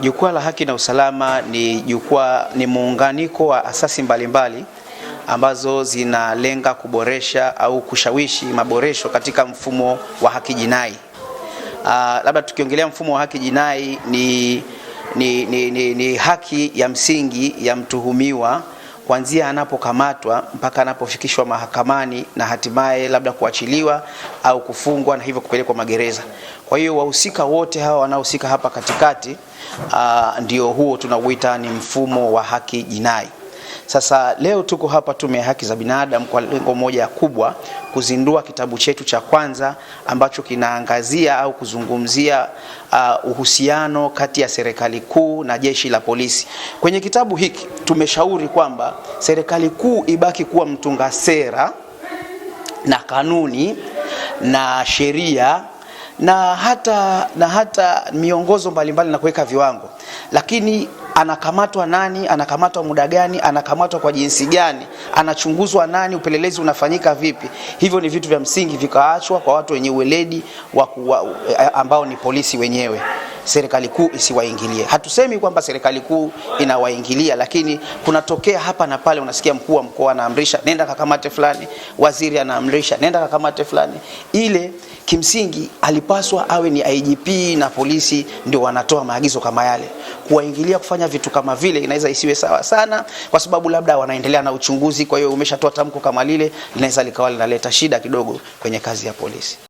Jukwaa la Haki na Usalama ni jukwaa, ni muunganiko wa asasi mbalimbali mbali, ambazo zinalenga kuboresha au kushawishi maboresho katika mfumo wa haki jinai. Uh, labda tukiongelea mfumo wa haki jinai ni, ni, ni, ni, ni haki ya msingi ya mtuhumiwa kuanzia anapokamatwa mpaka anapofikishwa mahakamani na hatimaye labda kuachiliwa au kufungwa na hivyo kupelekwa magereza. Kwa hiyo wahusika wote hawa wanaohusika hapa katikati, uh, ndio huo tunauita ni mfumo wa haki jinai. Sasa leo tuko hapa Tume ya Haki za Binadamu kwa lengo moja kubwa, kuzindua kitabu chetu cha kwanza ambacho kinaangazia au kuzungumzia uh, uhusiano kati ya serikali kuu na jeshi la polisi. Kwenye kitabu hiki tumeshauri kwamba serikali kuu ibaki kuwa mtunga sera na kanuni na sheria na hata, na hata miongozo mbalimbali na kuweka viwango, lakini anakamatwa nani, anakamatwa muda gani, anakamatwa kwa jinsi gani, anachunguzwa nani, upelelezi unafanyika vipi. Hivyo ni vitu vya msingi vikaachwa kwa watu wenye uweledi eh, ambao ni polisi wenyewe serikali kuu isiwaingilie. Hatusemi kwamba serikali kuu inawaingilia, lakini kunatokea hapa na pale, unasikia mkuu wa mkoa anaamrisha nenda kakamate fulani, waziri anaamrisha nenda kakamate fulani. Ile kimsingi alipaswa awe ni IGP na polisi ndio wanatoa maagizo kama yale. Kuwaingilia kufanya vitu kama vile inaweza isiwe sawa sana, kwa sababu labda wanaendelea na uchunguzi. Kwa hiyo umeshatoa tamko kama lile, linaweza likawa linaleta shida kidogo kwenye kazi ya polisi.